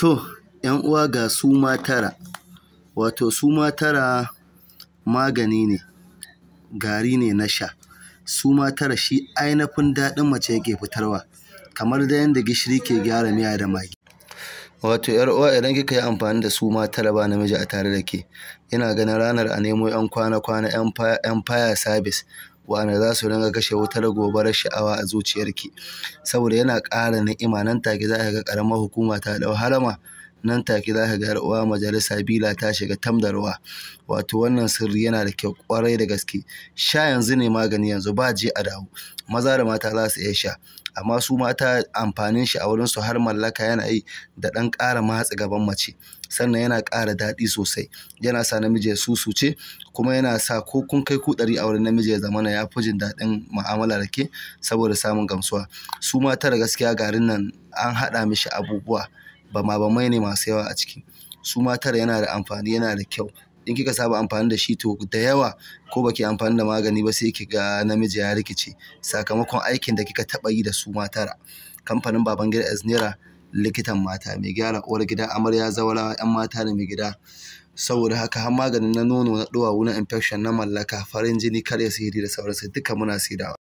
To, ‘yan uwa ga suma tara, wato suma tara magani ne, gari ne na sha. Suma tara shi ainihin daɗin mace yake fitarwa, kamar da yadda gishiri ke gyara miya da magi. Wato ‘yar uwa idan kika yi amfani da suma tara ba namiji a tare da ke, ina ganin ranar a nemo ‘yan kwana-kwana ‘yan faya sabis wane za su ringa kashe wutar gobarar sha'awa a zuciyarki saboda yana ƙara ni'ima nan take za a ga ƙaramar hukuma ta dau harama nan take za ka ga uwa majalisa bila ta shiga tam ruwa wato wannan sirri yana da kyau kwarai da gaske sha yanzu ne magani yanzu ba je a dawo maza da mata za su iya sha amma su mata amfanin shi a wurin su har mallaka yana yi da ɗan ƙara matsi gaban mace sannan yana ƙara daɗi sosai yana sa namiji su ce, kuma yana sa ko kun kai ku ɗari a wurin namiji ya zamana ya fi jin daɗin mu'amala da ke saboda samun gamsuwa su mata da gaskiya garin nan an haɗa mishi abubuwa ba mai ne masu yawa a ciki su ma yana da amfani yana da kyau in kika saba amfani da shi to da yawa ko baki amfani da magani ba sai ki ga namiji ya rikice sakamakon aikin da kika taba yi da su ma tara kamfanin baban gida Eznera likitan mata mai gyara uwar gida amarya zawarawa yan mata da mai gida saboda haka har maganin na nono na duwawu na infection na mallaka farin jini kare sihiri da sauransu duka muna sidawa